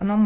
numur